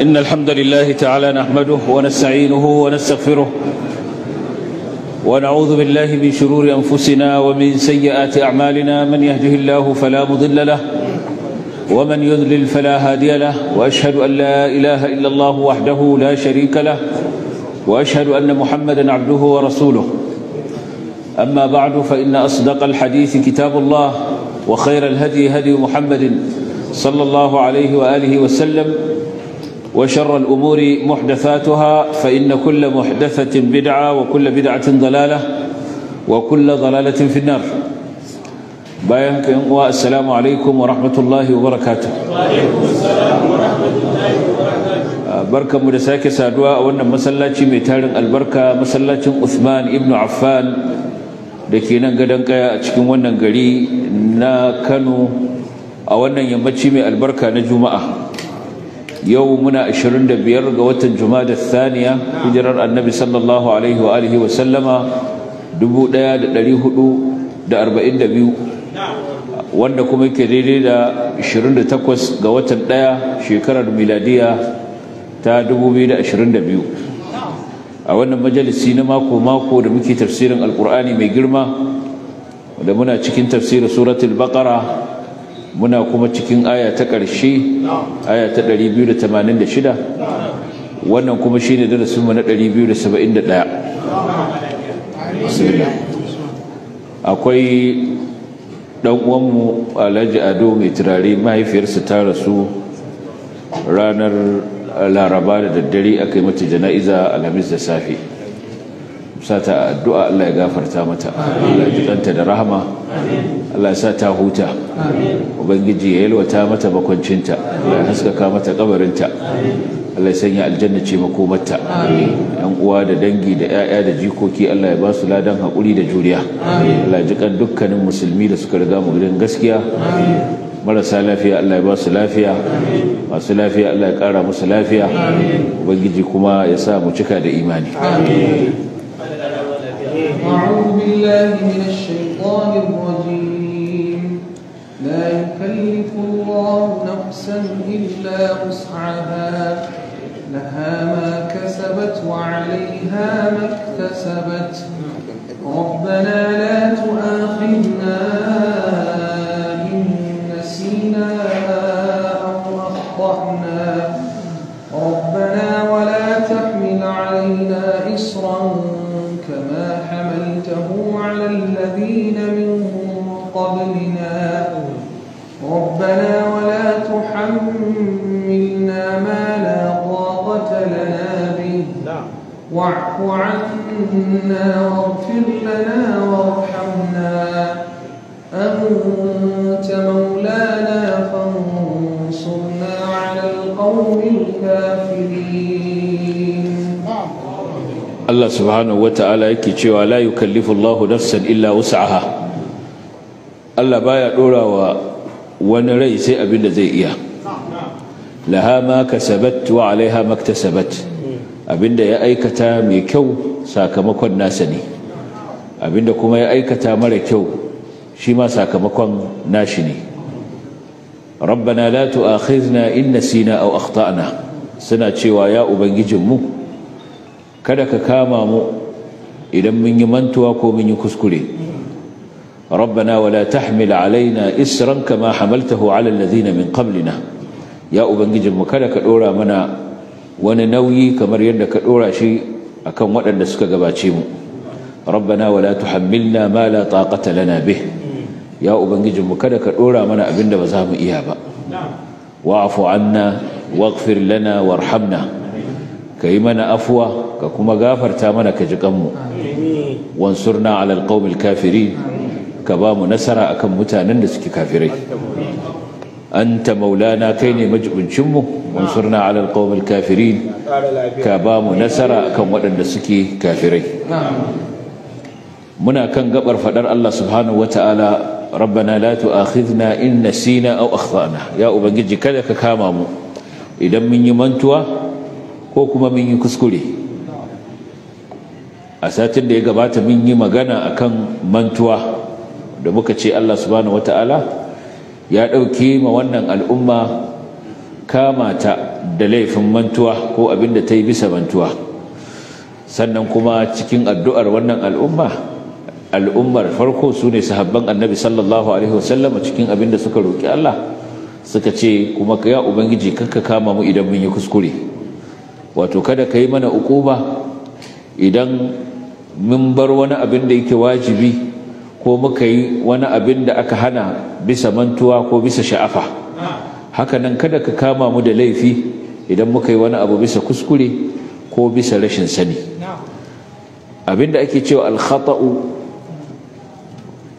إن الحمد لله تعالى نحمده ونستعينه ونستغفره ونعوذ بالله من شرور أنفسنا ومن سيئات أعمالنا من يهده الله فلا مضل له ومن يذلل فلا هادي له وأشهد أن لا إله إلا الله وحده لا شريك له وأشهد أن محمدا عبده ورسوله أما بعد فإن أصدق الحديث كتاب الله وخير الهدي هدي محمد صلى الله عليه وآله وسلم وشر الأمور محدثاتها فإن كل محدثة بدعة وكل بدعة ضلالة وكل ضلالة في النار بايانك السلام عليكم ورحمة الله وبركاته وعليكم السلام ورحمة الله وبركاته بركة مدساك سادواء وأن مسلاتي ميتارن البركة مسلاتي عثمان ابن عفان da ke nan gadon kaya a cikin wannan gari na kano a wannan yammaci mai albarka na juma'a yau muna 25 ga watan da Saniya, hijirar annabi sallallahu alaihi wa alihi wa sallama 1442 wanda kuma ke daidai da 28 ga watan ɗaya shekarar miladiya ta 2022 a wannan majalisi na mako-mako da muke tafsirin alkur'ani mai girma da muna cikin tafsirin suratul baqara muna kuma cikin aya ta ƙarshe aya ta 286 wannan kuma shi ne darasin mu na 271 akwai ɗan'uwanmu uwanmu Alhaji Ado mai turare mahaifiyarsa ta rasu ranar Laraba da daddare aka yi mata jana'iza Alhamis da safe sata addu'a Allah ya gafarta mata Allah ya da rahama Allah ya sa ta huta ubangiji ya yalwata mata makwancinta Allah ya haskaka mata kabarinta Allah ya sanya aljanna ce makomarta yan uwa da dangi da yaya da jikoki Allah ya ba su ladan hakuri da juriya Allah ya ji jikan dukkanin musulmi da suka riga mu gidan gaskiya marasa lafiya Allah ya ba su lafiya masu lafiya Allah ya ƙara musu lafiya ubangiji kuma ya sa mu cika da imani أعوذ بالله من الشيطان الرجيم لا يكلف الله نفسا إلا وسعها لها ما كسبت وعليها ما اكتسبت ربنا لا تؤاخذنا واعف عنا واغفر لنا وارحمنا أنت مولانا فانصرنا على القوم الكافرين الله سبحانه وتعالى يكي لا يكلف الله نفسا إلا وسعها الله بايا دورا و rai sai abin da zai iya laha ma kasabat wa abinda ya aikata mai kyau sakamakon nasa ne abinda kuma ya aikata mara kyau shi ma sakamakon nashi ne rabbana la tu'akhizna in nasina aw akhtana suna cewa ya mu. kada ka kama mu idan mun yi mantuwa ko mun yi kuskure rabbana wala tahmil alaina isran kama hamaltahu ala alladhina min qablina ya ubangijinmu kada ka dora mana wani nauyi kamar yadda ka dora shi akan waɗanda suka gabace mu rabbana wala tuhammilna ma la taqata lana bih ya ubangijinmu kada ka dora mana abinda ba za mu iya ba wa'fu anna waghfir lana warhamna kai mana afwa ka kuma gafarta mana ka ji kanmu wansurna ala alqawmil kafirin ka ba mu nasara akan mutanen da suke kafirai anta maulana kai ne mu wansurna ala alqawmil kafirin ka bamu nasara kan waɗanda suke kafirai muna kan gabar faɗar Allah subhanahu wataala rabbana la tu'akhidhna in nasina aw akhtana ya ubangiji kada ka kama mu idan mun yi mantuwa ko kuma mun yi kuskure a satin da ya gabata mun yi magana akan mantuwa da muka ce Allah subhanahu wataala ya dauke ma wannan al'umma kama ta da laifin mantuwa ko abin da ta yi bisa mantuwa sannan kuma cikin addu'ar wannan al'umma al'ummar farko su ne sahabban annabi sallallahu alaihi wasallam cikin abin da suka roƙi Allah suka ce kuma ya ubangiji kanka kama mu idan mun yi kuskure wato kada ka yi mana ukuba idan mun bar wani abin da yake wajibi ko muka yi wani abin da aka hana bisa mantuwa ko bisa sha'afa hakanan kada ka kama mu da laifi idan muka yi wani abu bisa kuskure ko bisa rashin sani abinda ake cewa alkhata'u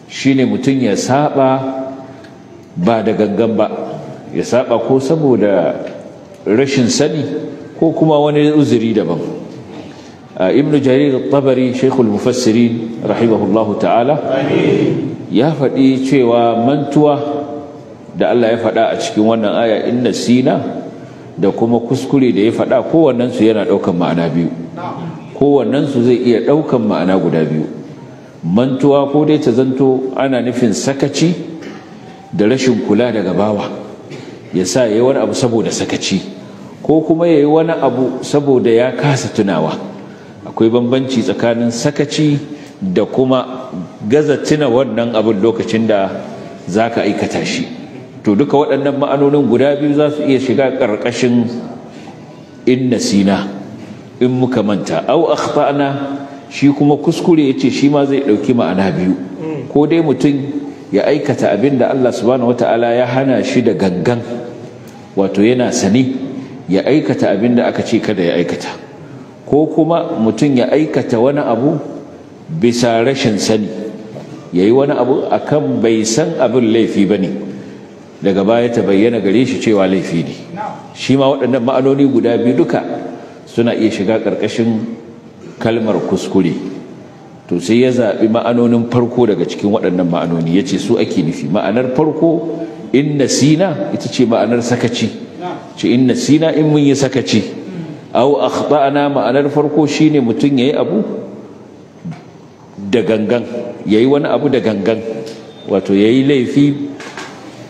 shine mutum ya saba ba da gangan ba ya saba ko saboda rashin sani ko kuma wani uzuri daban ibn jarir tabari shaykhul mufassirin rahimahullahu ta'ala ya faɗi cewa mantuwa da Allah ya faɗa a cikin wannan aya inna sina da kuma kuskure da ya faɗa kowannensu yana ɗaukan ma'ana biyu kowannensu zai iya ɗaukan ma'ana guda biyu mantuwa ko dai ta zanto ana nufin sakaci da rashin kula daga bawa ya sa ya yi wani abu saboda sakaci ko kuma ya yi wani abu saboda ya kasa tunawa akwai bambanci tsakanin sakaci da kuma gaza tuna wannan abin lokacin da za ka aikata shi to duka waɗannan ma'anonin guda biyu za su iya shiga ƙarƙashin in nasina in muka manta au akhtana shi kuma kuskure ya ce shi ma zai ɗauki ma'ana biyu hmm. ko dai mutum ya aikata abin da Allah subhanahu wataala ya hana shi da gangan wato yana sani ya aikata abin da aka ce kada ya aikata ko kuma mutum ya aikata wani abu bisa rashin sani ya yi wani abu akan bai san abin laifi ba ne daga baya ta bayyana gare shi cewa laifi ne shi ma waɗannan ma'anoni guda biyu duka suna iya shiga ƙarƙashin kalmar kuskure to sai ya zaɓi ma'anonin farko daga cikin waɗannan ma'anoni ya ce su ake nufi ma'anar farko inna sina ita ce ma'anar sakaci ce inna sina in mun yi sakaci au akhtana ma'anar farko shine mutum yayi abu da gangan yayi wani abu da gangan wato yayi laifi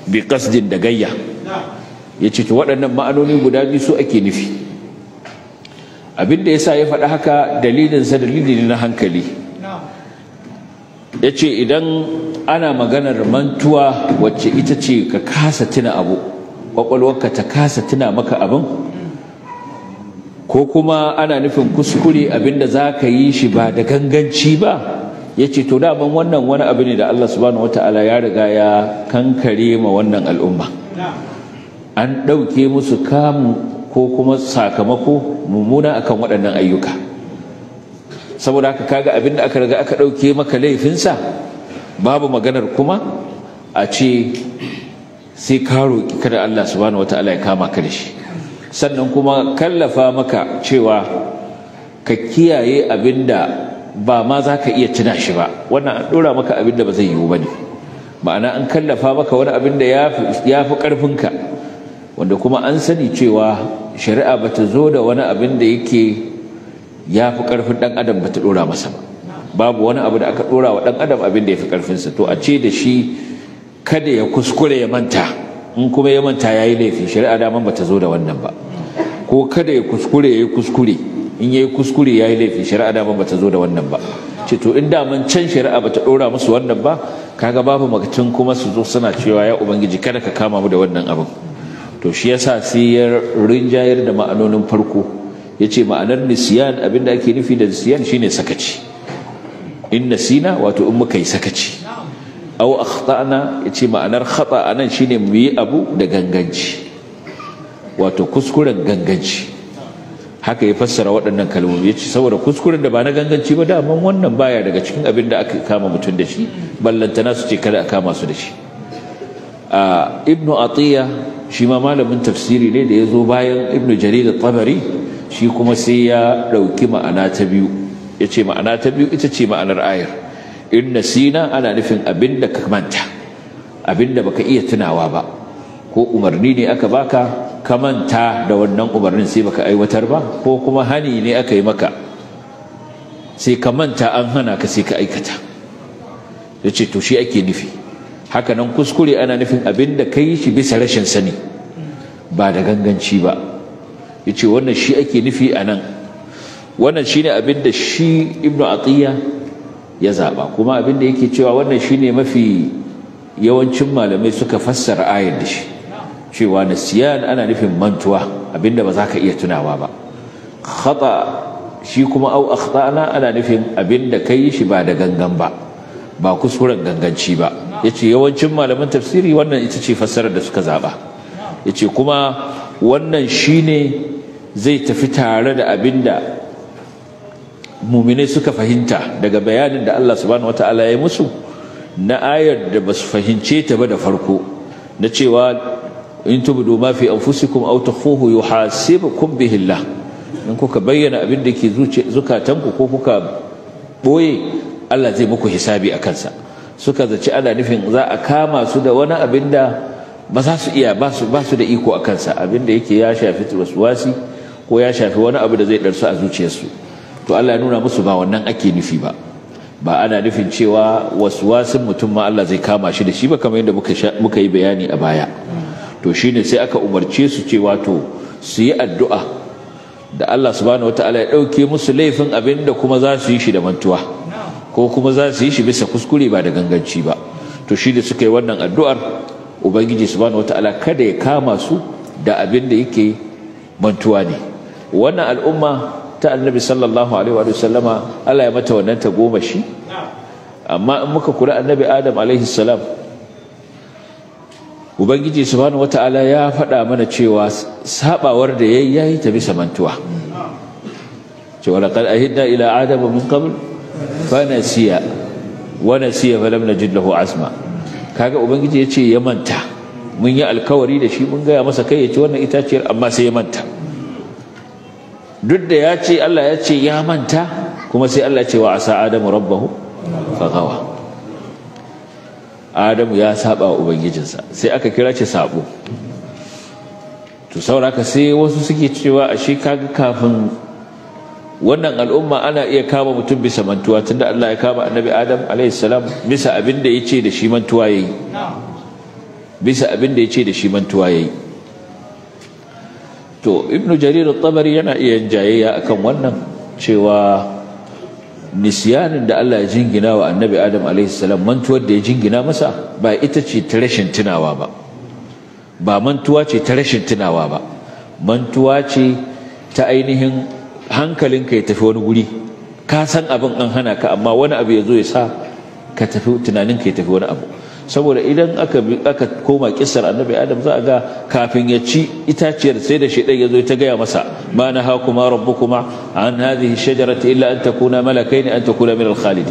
bi qasdin da gayya yace to waɗannan ma'anoni guda biyu su ake nufi abinda yasa ya faɗi haka dalilin sa dalili na hankali Ya ce idan ana maganar mantuwa wacce ita ce ka kasa tuna abu ƙwaƙwalwarka ta kasa tuna maka abin ko kuma ana nufin kuskure abinda za ka yi shi ba da ganganci ba Ya ce to da ban wannan wani abu ne da Allah subhanahu wataala ya riga ya kankare ma wannan al'umma an ɗauke musu kamu ko kuma sakamako mummuna akan waɗannan ayyuka saboda haka kaga abin da aka riga aka ɗauke maka laifinsa babu maganar kuma a ce sai ka roƙi kada Allah subhanahu wataala ya kama ka da shi sannan kuma kallafa maka cewa ka kiyaye abinda ba ma za ka iya tuna shi ba wannan an ɗora maka abin da ba zai yiwu ba ne ma'ana an kallafa maka wani abin da ya fi ƙarfinka wanda kuma an sani cewa shari'a ba ta zo da wani abin da yake ya fi ƙarfin ɗan adam ba ta ɗora masa ba babu wani abu da aka ɗora wa ɗan adam abin da ya fi ƙarfinsa to a ce da shi kada ya kuskure ya manta in kuma ya manta ya yi laifi shari'a daman ba ta zo da wannan ba ko kada ya kuskure ya yi kuskure in yayi kuskure yayi laifi shari'a dama bata zo da wannan ba ce to in da man can shari'a bata dora musu wannan ba kaga babu makacin kuma su zo suna cewa ya ubangiji kada ka kama mu da wannan abin to shi yasa sai ya rinjayar da ma'anonin farko yace ma'anar nisyan abinda ake nufi da nisyan shine sakaci in nasina wato in muka yi sakaci aw akhtana yace ma'anar khata anan shine mu yi abu da ganganci wato kuskuren ganganci haka ya fassara waɗannan kalmomi ya ce saboda kuskuren da ba na ganganci ba daman wannan baya daga cikin abin da aka kama mutum da shi ballantana su ce kada a kama su da shi ibnu atiya shi ma malamin tafsiri ne da ya zo bayan ibnu jarir tabari shi kuma sai ya ɗauki ma'ana ta biyu ya ce ma'ana ta biyu ita ce ma'anar ayar in nasina ana nufin abin da ka manta abin da baka iya tunawa ba ko umarni ne aka baka ka manta da wannan umarnin sai baka aiwatar ba ko kuma hani ne aka yi maka sai ka manta an hana ka sai ka aikata ya ce to shi ake nufi hakanan kuskure ana nufin abin da ka shi bisa rashin sani ba da ganganci ba ya ce wannan shi ake nufi a nan wannan shi abin da shi ibnu atiyya ya zaba. kuma abin da yake cewa wannan shine mafi yawancin malamai suka fassara ayar da shi cewa na ana nufin mantuwa abinda ba za ka iya tunawa ba khata shi kuma au akhtana ana nufin abinda kai shi ba da gangan ba ba kuskuren ganganci ba yace yawancin malaman tafsiri wannan ita ce fassarar da suka zaba yace kuma wannan shine zai tafi tare da abinda muminai suka fahimta daga bayanin da Allah subhanahu wataala ya musu na ayar da basu fahimce ta ba da farko na cewa in tubdu ma fi anfusikum aw tukhfuhu yuhasibukum bihi Allah in kuka bayyana abin da ke zukatanku ko kuka boye Allah zai muku hisabi a kansa suka zaci ana nufin za a kama su da wani abin da ba za su iya ba su da iko a kansa abin da yake ya shafi wasuwasi ko ya shafi wani abu da zai ɗarsu a zuciyarsu to Allah ya nuna musu ba wannan ake nufi ba ba ana nufin cewa wasu wasin mutum ma Allah zai kama shi da shi ba kamar yadda muka yi bayani a baya to shine sai aka umarce su cewa to su yi addu'a da Allah subhanahu wataala ya dauke musu laifin abin da kuma za su yi shi da mantuwa ko kuma za su yi shi bisa kuskure ba da ganganci ba to shine suka yi wannan addu'ar ubangiji subhanahu wataala kada ya kama su da abin da yake mantuwa ne wannan al'umma ta annabi sallallahu alaihi wa sallama Allah ya mata wannan shi. amma in muka kula annabi Adam alaihi salam ubangiji subhanahu wata'ala ya faɗa mana cewa sabawar da yayi yayi ta bisa mantuwa cewa laqad ahidna ila adama min qabl fa wa nasiya fa najid lahu azma kaga ubangiji yace ya manta mun yi alkawari da shi mun gaya masa kai ya ci wannan itaciyar amma sai ya manta duk da ya ce Allah ya ce ya manta kuma sai Allah ya ce wa asa adamu rabbahu fa gawa adamu ya saba wa ubangijinsa sai aka kira ce sabo to sauraka sai wasu suke cewa ashe kaga kafin wannan al'umma ana iya kama mutum bisa mantuwa tunda Allah ya kama annabi Adam alayhi salam bisa abin da yace da shi mantuwa yayi bisa abin da yace da shi mantuwa yayi to ibnu jarir at-tabari yana iya jayayya akan wannan cewa nisiyanin da Allah ya jingina wa annabi Adam alaihi mantuwar da ya jingina masa ba ita ce ta rashin tunawa ba ba mantuwa ce ta rashin tunawa ba mantuwa ce ta ainihin hankalinka ya tafi wani guri ka san abin an hana ka amma wani abu ya zo ya sa ka tafi tunaninka ya tafi wani abu saboda idan aka aka koma kissar annabi adam za a ga kafin ya ci itaciyar sai da shedan ya zo ta gaya masa ma na hakuma rabbukuma an hadhihi shajarati illa an takuna malakaini an takuna min al-khalidi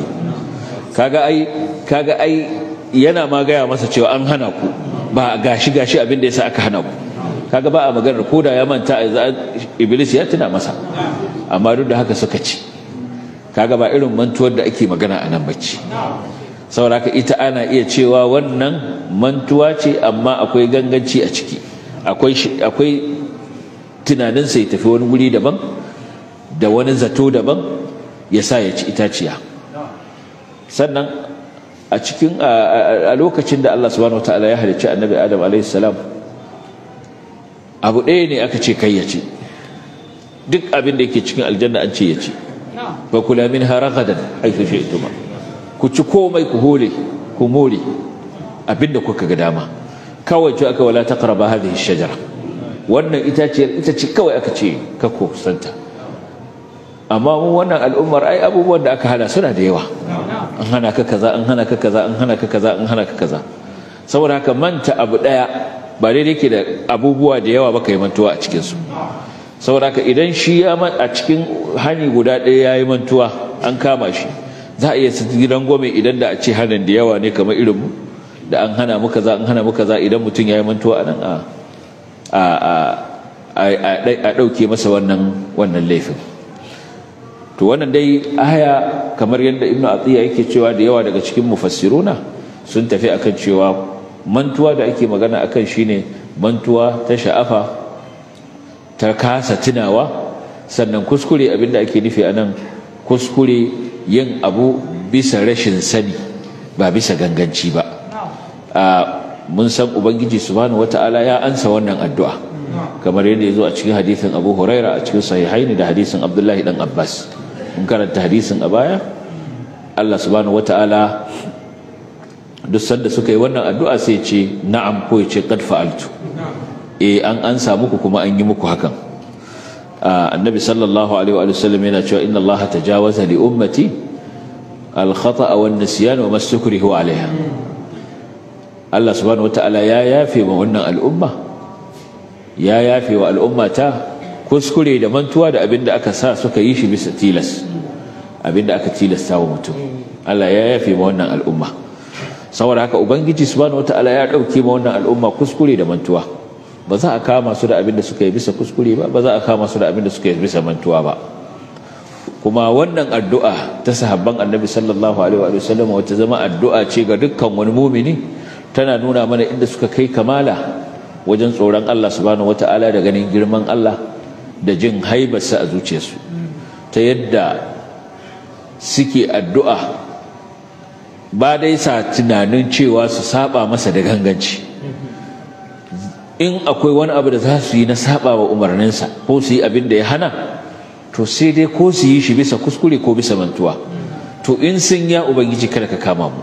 kaga ai kaga ai yana ma gaya masa cewa an hana ku ba gashi gashi abin da yasa aka hana ku kaga ba a maganar koda ya manta iblis ya tuna masa amma duk da haka suka ci kaga ba irin mantuwar da ake magana a nan bacci sauraka ita ana iya cewa wannan mantuwa ce amma akwai ganganci a ciki akwai tunanin ya tafi wani wuri daban da wani zato daban ya sa ya ci itaciya sannan a cikin a lokacin da Allah subhanahu wataala ya halicci annabi Adam alaihi salam abu ɗaya ne aka ce kai ya ci duk abin da yake cikin aljanna an ce ya ci fa kula minha ragadan haythu shi'tuma ku ci komai ku hole ku more abinda kuka ga dama kawai ce aka wala taqraba hadhihi shajara wannan itaciyar ita ce kawai aka ce ka ku santa amma mu wannan al'ummar ai abubuwan da aka hana suna da yawa an hana ka kaza an hana ka kaza an hana ka kaza an hana ka kaza saboda haka manta abu daya ba daidai ke da abubuwa da yawa ba ka yi mantuwa a cikin su saboda haka idan shi ya a cikin hani guda ɗaya ya yi mantuwa an kama shi za a iya gidan gwame idan da a ce hannun da yawa ne kamar irinmu da an hana muka za an hana muka za idan mutum ya yi mantuwa a nan a a ɗauke masa wannan wannan laifin to wannan dai haya kamar yadda ibn atiya yake cewa da yawa daga cikin mufassiruna sun tafi akan cewa mantuwa da ake magana akan shine mantuwa ta sha'afa ta kasa tunawa sannan kuskure abinda ake nufi a nan kuskure yin abu bisa rashin sani ba bisa ganganci ba mun san ubangiji subhanahu wata'ala ya ansa wannan addu'a kamar yadda ya zo a cikin hadisin abu huraira a cikin sahihaini da hadisin abdullahi dan abbas mun karanta hadisin a baya allah subhanahu wata'ala duk sanda suka yi wannan addu'a sai ce na'am ko ya ce qad fa'altu eh an ansa muku kuma an yi muku hakan annabi sallallahu alaihi wa sallam yana cewa inna allaha tajawaza li ummati al khata'a wan nisyan wa mastukrihu alaiha Allah subhanahu wataala ya yafe wa wannan al'umma ya yafe wa al'umma ta kuskure da mantuwa da abinda aka sa suka yi shi bisa tilas abinda aka tilasta wa mutum Allah ya yafe ma wannan al'umma saboda haka ubangiji subhanahu wataala ya dauke ma wannan al'umma kuskure da mantuwa ba za a kama su da abin da suka yi bisa kuskure ba ba za a kama su da abin da suka yi bisa mantuwa ba kuma wannan addu'a ta sahabban annabi sallallahu alaihi wa sallam wata zama addu'a ce ga dukkan wani mumini tana nuna mana inda suka kai kamala wajen tsoron Allah subhanahu wataala da ganin girman Allah da jin haibarsa a zuciyarsu ta yadda suke addu'a ba dai sa tunanin cewa su saba masa da ganganci in akwai wani abu da za su yi na saba wa umarninsa ko su yi abin da ya hana to sai dai ko su yi shi bisa kuskure ko bisa mantuwa to in sun ya ubangiji kada ka kama mu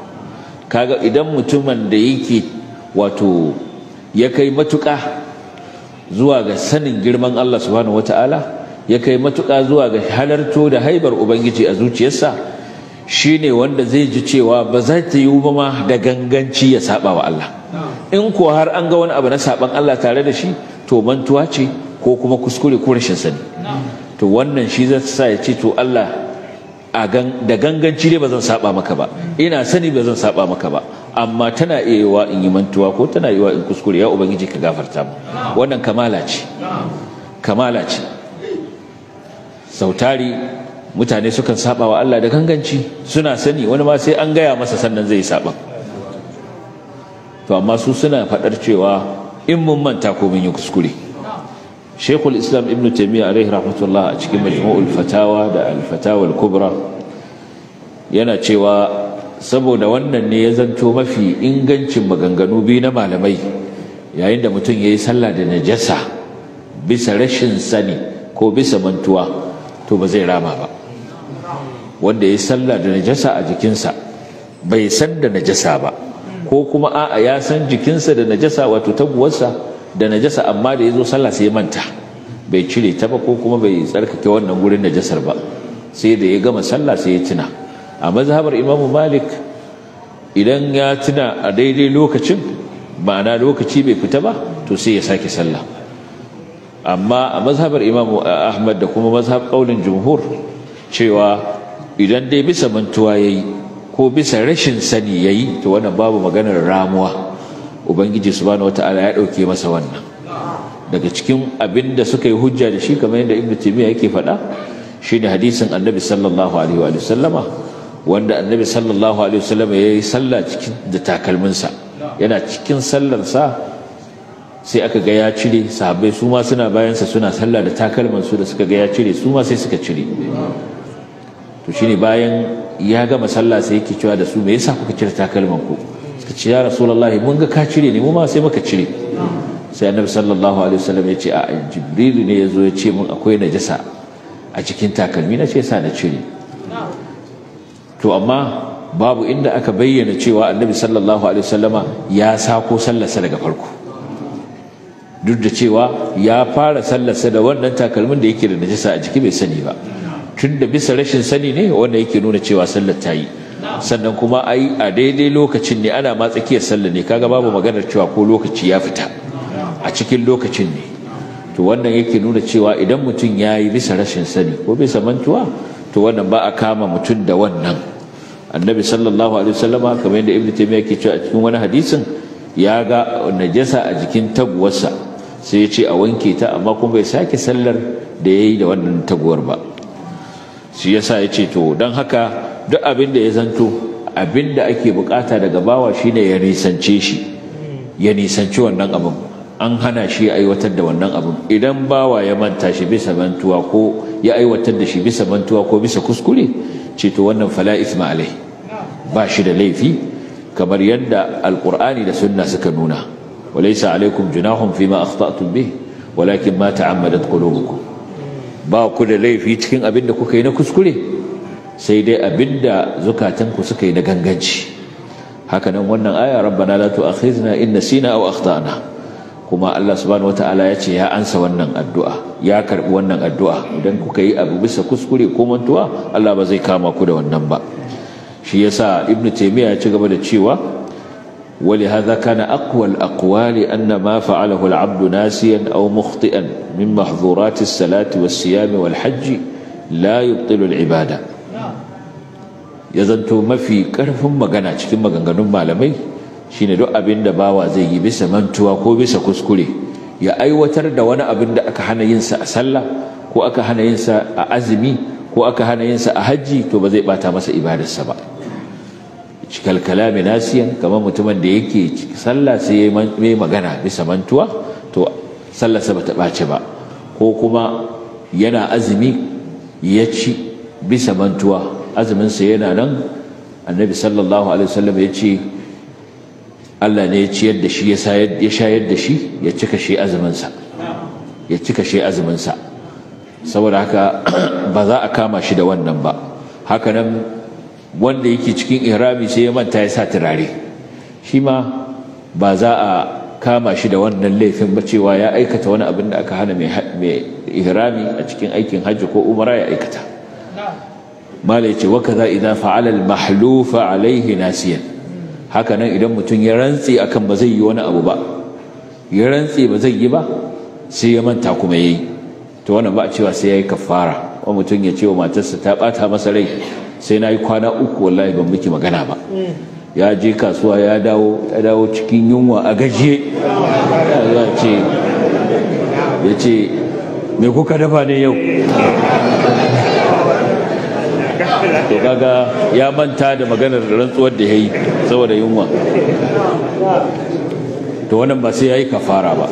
kaga idan mutumin da yake wato ya kai matuƙa zuwa ga sanin girman Allah subhanahu wata'ala ya kai matuƙa zuwa ga halarto da haibar ubangiji a zuciyarsa shine wanda zai ji cewa ba za ta yi ba ma da ganganci ya saba wa Allah in ko har an ga wani abu na saban Allah tare da shi to mantuwa ce ko kuma kuskure ko rashin sani to wannan shi zai sa ya ce to Allah da ganganci dai ba zan saba maka ba ina sani ba zan saba maka ba amma tana iya in yi mantuwa ko tana yiwa in kuskure ya ubangiji ka gafarta mu wannan kamala ce kamala ce sautari mutane sukan saba wa Allah da ganganci suna sani wani ma sai an gaya masa sannan zai saba to amma su suna faɗar cewa in mun manta ko mun yi kuskure shekul islam ibn Taymiyyah alaihi rahmatullah a cikin majmu'ul fatawa da al-fatawa al-kubra yana cewa saboda wannan ne ya zanto mafi ingancin maganganu biyu na malamai yayin da mutum ya yi sallah da najasa bisa rashin sani ko bisa mantuwa to ba zai rama ba wanda yayi sallah da najasa a jikinsa bai san da najasa ba ko kuma a'a ya san jikinsa da najasa wato taguwarsa da najasa amma da ya zo sallah sai ya manta bai cire ta ba ko kuma bai tsarkake wannan gurin najasar ba sai da ya gama sallah sai ya tuna a mazhabar imamu malik idan ya tuna a daidai lokacin ma'ana lokaci bai fita ba to sai ya sake sallah amma a mazhabar imamu ahmad da kuma mazhab kaulin jumhur cewa idan dai bisa mantuwa yayi ko bisa rashin sani ya yi ta wannan babu maganar ramuwa ubangiji subhanahu ala ya dauke masa wannan daga cikin abin da suka yi hujja da shi kamar yadda ibn taymiya yake faɗa shine hadisin annabi sallallahu alaihi wa sallama wanda annabi sallallahu alaihi wa sallama ya yi sallah cikin da takalminsa yana cikin sallarsa sai aka gaya cire Sahabai su ma suna bayansa suna sallah da takalman su da suka ga ya cire su ma sai suka cire to shine bayan ya gama sallah sai yake cewa da su me yasa kuka cire takalman ku suka ce ya rasulullahi mun ga ka cire ne mu ma sai muka cire sai annabi sallallahu alaihi wasallam ya ce a Jibril ne ya zo ya ce mun akwai najasa a cikin takalmi na ce sa na cire to amma babu inda aka bayyana cewa annabi sallallahu alaihi wasallama ya sako sallarsa daga farko duk da cewa ya fara sallarsa da wannan takalmin da yake da najasa a jiki bai sani ba tunda bisa rashin sani ne wanda yake nuna cewa sallar ta yi sannan kuma ai a daidai lokacin ne ana ma tsakiyar sallar ne kaga babu maganar cewa ko lokaci ya fita a cikin lokacin ne to wannan yake nuna cewa idan mutum ya yi bisa rashin sani ko bisa mantuwa to wannan ba a kama mutum da wannan annabi sallallahu alaihi wasallama kamar yadda ibnu taymiya yake cewa a cikin wani hadisin ya ga najasa a jikin taguwarsa sai ya ce a wanke ta amma kuma bai sake sallar da yayi da wannan taguwar ba shi yasa ya ce to don haka duk abin da ya zanto abin da ake bukata daga bawa shine ya nisance shi ya nisanci wannan abin an hana shi ya aiwatar da wannan abin idan bawa ya manta shi bisa mantuwa ko ya aiwatar da shi bisa mantuwa ko bisa kuskure ce to wannan fala isma alai ba shi da laifi kamar yadda alqur'ani da sunna suka nuna walaysa alaikum junahun fima akhta'tum bih walakin ma ta'ammadat qulubukum ba ku da laifi cikin abin da kuka yi na kuskure sai dai abin da zukatanku suka yi na ganganci hakanan wannan aya rabbana la tu'akhizna in nasina aw akhtana kuma Allah subhanahu wataala ya ce ya ansa wannan addu'a ya karbi wannan addu'a idan kuka yi abu bisa kuskure ko mantuwa Allah ba zai kama ku da wannan ba shi yasa ibnu taymiya ya ci gaba da cewa ولهذا كان أقوى الأقوال أن ما فعله العبد ناسيا أو مخطئا من محظورات الصلاة والصيام والحج لا يبطل العبادة يزنتو ما في كرف مغانا cikin maganganun malamai shine duk abin da bawa zai yi bisa mantuwa ko bisa kuskure ya aiwatar da wani abin da aka hana yin sa a sallah ko aka hana yin sa a azumi ko aka hana yin sa a hajji to ba zai bata masa ibadarsa ba cikal kalami nasiyan kamar mutumin da yake sallah sai ya yi magana bisa mantuwa to sallarsa bata ɓace ba ko kuma yana azumi ya ci bisa mantuwa azuminsa yana nan annabi sallallahu alaihi wasallam ya ce Allah ne ya ciyar da shi ya shayar da shi ya cika shi azuminsa ya cika shi azuminsa saboda haka ba za a kama shi da wannan ba haka wanda yake cikin ihrami sai ya manta ya sa turare shi ma ba za a kama shi da wannan laifin ba cewa ya aikata wani abin da aka hana mai ihrami a cikin aikin hajji ko umara ya aikata mala ya ce wa za idza fa'ala al mahlufa alaihi nasiyan haka nan idan mutum ya rantse akan ba zai yi wani abu ba ya rantse ba zai yi ba sai ya manta kuma yayi ta wannan ba a cewa sai yayi kafara wa mutum ya ce wa matarsa ta bata masa rai sai na yi kwana uku wallahi ban miki magana ba ya je kasuwa ya dawo ya dawo cikin yunwa a gajiye ya ce ya ce me kuka dafa ne yau to kaga ya manta da maganar rantsuwar da ya yi saboda yunwa to wannan ba sai ya yi kafara ba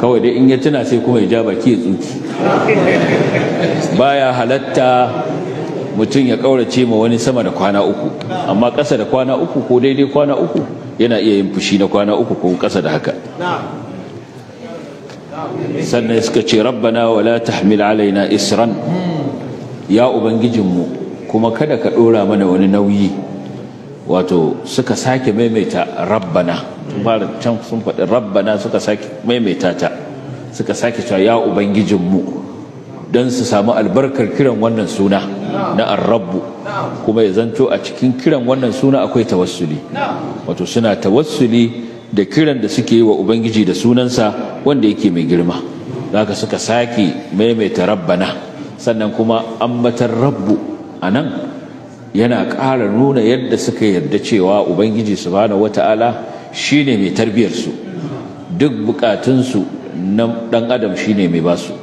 kawai dai in ya tuna sai kuma ya ja baki ya tsuki baya halatta mutum ya kaurace ma wani sama da kwana uku amma ƙasa da kwana uku ko daidai kwana uku yana iya yin fushi na kwana uku ko ƙasa da haka sannan suka ce rabbana wala tahmil alaina isran ya ubangijinmu kuma kada ka ɗora mana wani nauyi wato suka sake maimaita rabbana fara can sun faɗi rabbana suka sake maimaita ta suka sake cewa ya ubangijinmu don su samu albarkar kiran wannan suna na arrabu kuma ya zanto a cikin kiran wannan suna akwai tawassuli wato suna tawassuli da kiran da suke yi wa ubangiji da sunansa wanda yake mai girma haka suka sake maimaita rabbana sannan kuma ambatar rabbu a nan yana ƙara nuna yadda suka yarda cewa ubangiji su wata wata'ala shine mai tarbiyarsu duk bukatunsu na ɗan adam shine mai basu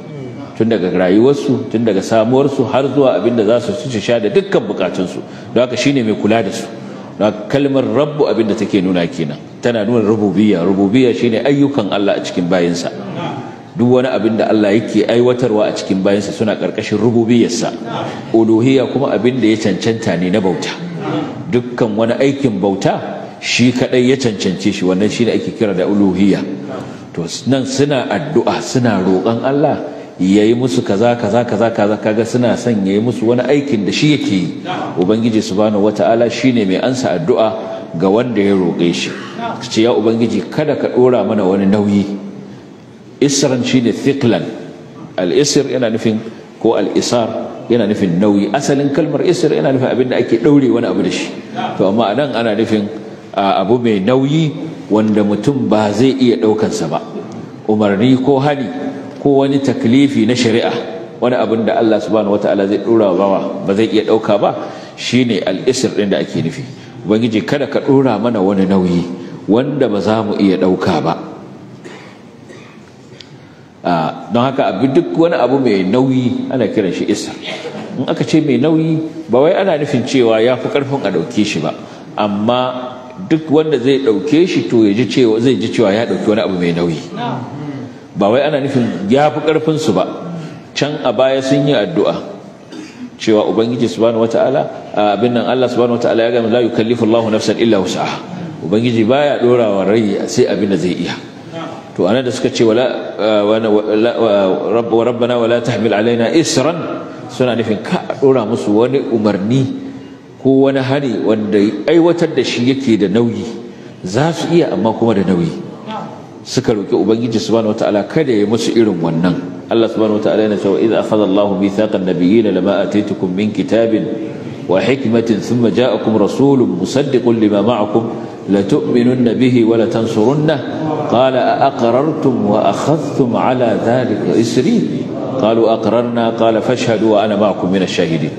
tun daga rayuwarsu tun daga samuwarsu har zuwa abin da za su ci sha da dukkan bukatunsu don haka shine mai kula da su don kalmar rabbu abin da take nuna kenan tana nuna rububiya. Rububiya shine ayyukan Allah a cikin bayinsa duk wani abin da Allah yake aiwatarwa a cikin bayansa suna ƙarƙashin rububiyarsa uluhiyya kuma abin da ya cancanta ne na bauta dukkan wani aikin bauta shi kadai ya cancance shi wannan shine ake kira da uluhiyya to nan suna addu'a suna roƙon Allah yayi musu kaza kaza kaza kaza kaga suna son musu wani aikin da shi yake yi ubangiji subhanahu wataala shine mai ansa addu'a ga wanda ya roƙe shi ce ya ubangiji kada ka dora mana wani nauyi isran shine thiqlan al-isr yana nufin ko al-isar yana nufin nauyi asalin kalmar isr yana nufin abin da ake daure wani abu da shi to amma anan ana nufin abu mai nauyi wanda mutum ba zai iya ɗaukansa ba umarni ko hani ko wani taklifi na shari'a wani abin da Allah subhanahu wataala zai dora bawa ba zai iya dauka ba shine al-isr din da ake nufi ubangiji kada ka dora mana wani nauyi wanda ba za mu iya dauka ba don haka abu duk wani abu mai nauyi ana kiran shi isr in aka ce mai nauyi ba wai ana nufin cewa ya fi karfin a dauke shi ba amma duk wanda zai dauke shi to ya ji cewa zai ji cewa ya dauki wani abu mai nauyi ba wai ana nufin ya fi ƙarfinsu ba can a baya sun yi addu'a cewa ubangiji subhanahu wataala abin nan Allah subhanahu wataala ya gama la yukallifu Allahu nafsan illa wus'aha ubangiji baya dorawa rai sai abin da zai iya to anan da suka ce wala rabb wa rabbana wala tahmil alaina isran suna nufin ka ɗora musu wani umarni ko wani hari wanda aiwatar da shi yake da nauyi za su iya amma kuma da nauyi suka roki ubangiji subhanahu wataala kada ya musu irin wannan Allah subhanahu wataala yana cewa idza akhadha Allahu mithaqan nabiyyin lama ataytukum min kitabin wa hikmatin thumma ja'akum rasulun musaddiqun lima ma'akum لتؤمنن به ولتنصرنه قال أأقررتم وأخذتم على ذلك إسري قالوا أقررنا قال فاشهدوا وأنا معكم من الشاهدين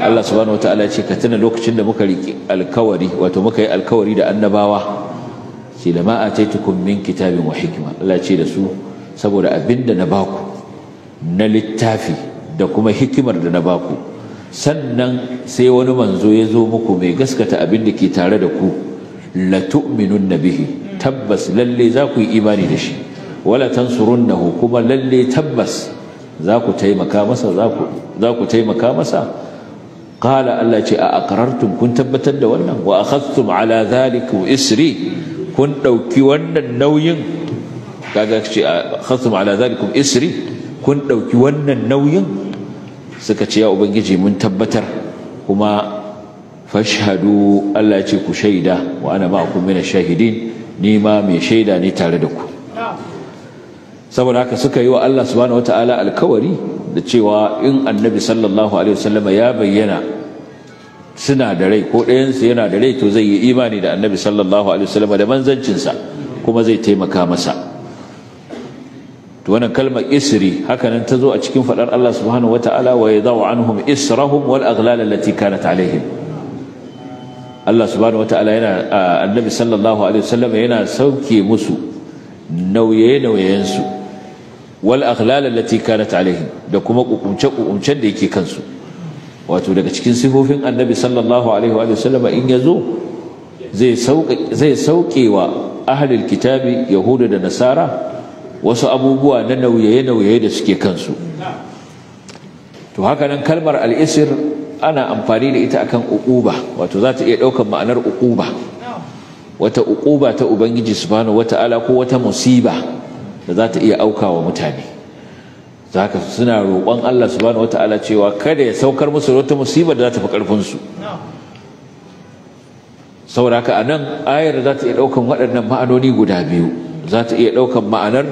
Allah subhanahu wataala ya ce ka tuna lokacin da muka riƙi alkawari wato muka yi alkawari da annabawa ce da ma min kitabin wa hikima Allah ce da su saboda abinda na baku na littafi da kuma hikimar da na baku sannan sai wani manzo ya zo muku mai gaskata abin da ke tare da ku la tu'minun bihi tabbas lalle za ku yi imani da shi wala tansurunnahu kuma lalle tabbas za ku taimaka masa za ku taimaka masa Allah ce a aqrartum kun tabbatar da wannan wa akhadhtum ala dhalikum isri kun ɗauki wannan nauyin kaga ce a khasum ala zalikum isri kun ɗauki wannan nauyin suka ce ya ubangiji mun tabbatar kuma fashhadu Allah ya ce ku shaida wa ana ma'akum min shahidin ni ma mai shaida ne tare da ku saboda haka suka yi wa Allah subhanahu wataala alkawari da cewa in annabi sallallahu alaihi wasallam ya bayyana suna da rai ko ɗayansu yana da rai to zai yi imani da annabi sallallahu alaihi wasallam da manzancinsa kuma zai taimaka masa to wannan kalmar isri hakanan ta zo a cikin faɗar Allah subhanahu wata'ala wa yadau anhum israhum wal aghlal allati kanat alaihim Allah subhanahu wata'ala yana annabi sallallahu alaihi wasallam yana sauke musu nauye nauyensu su wal aghlal allati kanat alaihim da kuma kukumce kukumcen da yake kansu wato daga cikin sifofin annabi sallallahu alaihi wa sallama in ya zo zai sauke wa ahalil kitabi yahuda da nasara wasu abubuwa na nauye-nauye da suke kansu to haka nan kalmar al'isir ana amfani da ita akan ukuba wato za ta iya ɗaukar ma'anar ukuba wata ukuba ta ubangiji subhanahu ala ko wata musiba da za ta iya wa mutane zaka suna roƙon Allah subhanahu wataala cewa kada ya saukar musu wata musiba da za ta fi karfin su saboda anan ayar za ta iya ɗaukan waɗannan ma'anoni guda biyu za ta iya ɗaukan ma'anar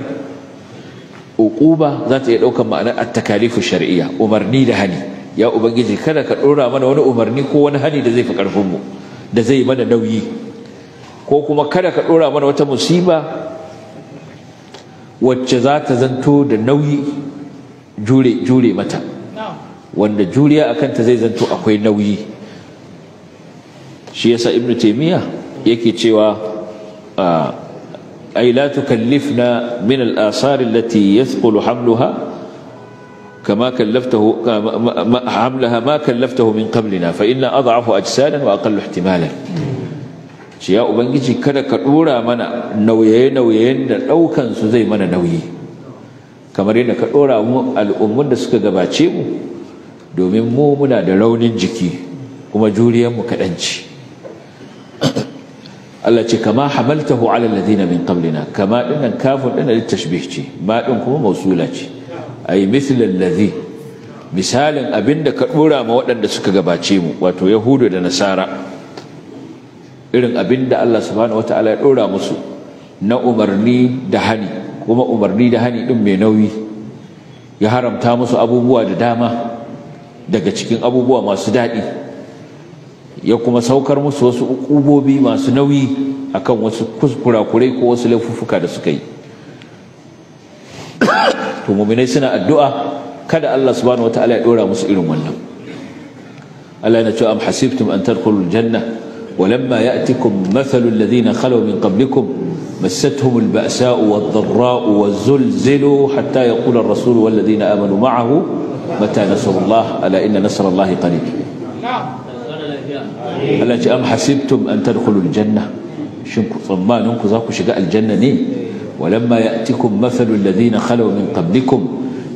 uquba za ta iya ɗaukan ma'anar at-takalifu shar'iyya umarni da hani ya ubangiji kada ka ɗora mana wani umarni ko wani hani da zai fi ƙarfin mu da zai mana nauyi ko kuma kada ka ɗora mana wata musiba wacce za ta zanto da nauyi jure jure mata wanda juriya akan ta zai zanto akwai nauyi shi yasa ibnu taymiya yake cewa ay la tukallifna min al-asar allati yathqulu hamluha كما كلفته حملها ما كلفته من قبلنا فإنا أضعف أجسادا وأقل Shi ya ubangiji kada ka dora mana nauye-nauyen da daukan su zai mana nauyi kamar yadda ka ɗora mu al'ummun da suka gabace mu domin mu muna da raunin jiki kuma juriyarmu kaɗan ce Allah ce kama hamaltahu ala alladhina min qablina kama dinnan kafin dinnan littashbih ce ma din kuma mausula ce ay mithla alladhi misalin abinda ka dora ma waɗanda suka gabace mu wato yahudu da nasara irin abinda Allah subhanahu wataala ya dora musu na umarni da hani kuma umarni da hani ɗin mai nauyi ya haramta musu abubuwa da dama daga cikin abubuwa masu daɗi ya kuma saukar musu wasu ƙubobi masu nauyi akan wasu kurakurai ko wasu laifuffuka da suka yi to muminai suna addu'a kada Allah subhanahu wataala ya ɗora musu irin wannan Allah yana cewa am hasibtum an tadkhulul janna walamma yatikum مثل الذين خلوا min قبلكم مستهم البأساء والضراء والزلزل حتى يقول الرسول والذين آمنوا معه متى نصر الله ألا إن نصر الله قريب ألا أم حسبتم أن تدخلوا الجنة شنكم ضمانكم ذاكم شقاء الجنة ني ولما يأتكم مثل الذين خلوا من قبلكم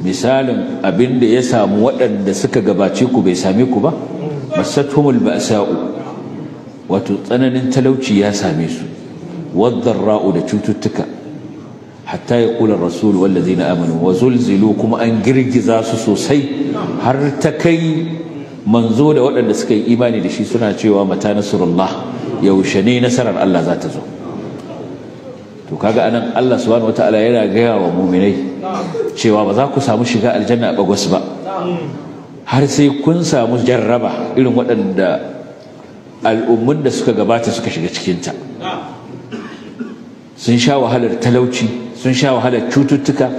misalin أبن da ya samu waɗanda بيساميكو با مستهم البأساء وتطنن انت لو يا ساميسو والضراء لتشوتتك حتى يقول الرسول والذين آمنوا وزلزلوا كما أن جرجزا سوسي هرتكي منزول وأن نسكي إيماني لشي سنة شوى متى نصر الله يوشني نصر الله ذات زو to kaga anan Allah subhanahu wataala yana gaya wa muminai cewa ba za ku samu shiga aljanna a bagwas ba har sai kun samu jarraba irin waɗanda al'ummun da suka gabata suka shiga cikinta sun sha wahalar talauci sun sha wahalar cututtuka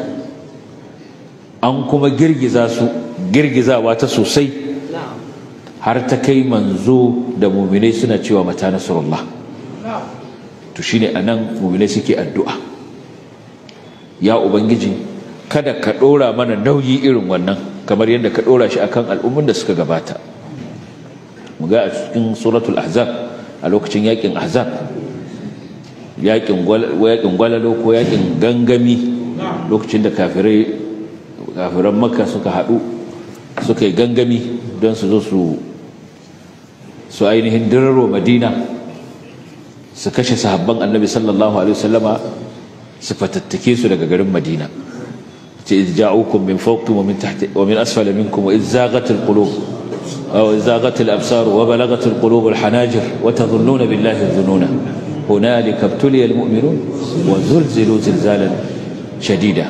an kuma girgiza su girgizawa ta sosai har ta kai manzo da muminai suna cewa mata nasarullah to shine anan muminai suke addu'a ya ubangiji kada ka ɗora mana nauyi irin wannan kamar yadda ka dora shi akan al'ummin da suka gabata mu ga a cikin suratul ahzab a lokacin yakin ahzab yakin gwalalo ko yakin gangami lokacin da kafiran maka suka haɗu suka yi gangami don su zo su ainihin dirarwa madina su kashe sahabban annabi sallallahu alaihi wasallama su fatattake su daga garin madina ce ja'ukum min fawqikum wa min tahti wa min asfali minkum wa qulub aw absar wa qulub al hanajir wa tadhunnuna billahi dhununa hunalika ibtuliyal mu'minun wa zulzilu zilzalan shadida